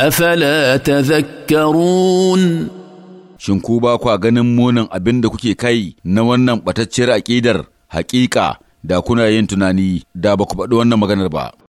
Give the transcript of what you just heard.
أفلا تذكرون Shin ku ba kwa ganin munin abin da kuke kai na wannan ɓatacciyar aƙidar hakika da kuna yin tunani da ba ku faɗi wannan maganar ba.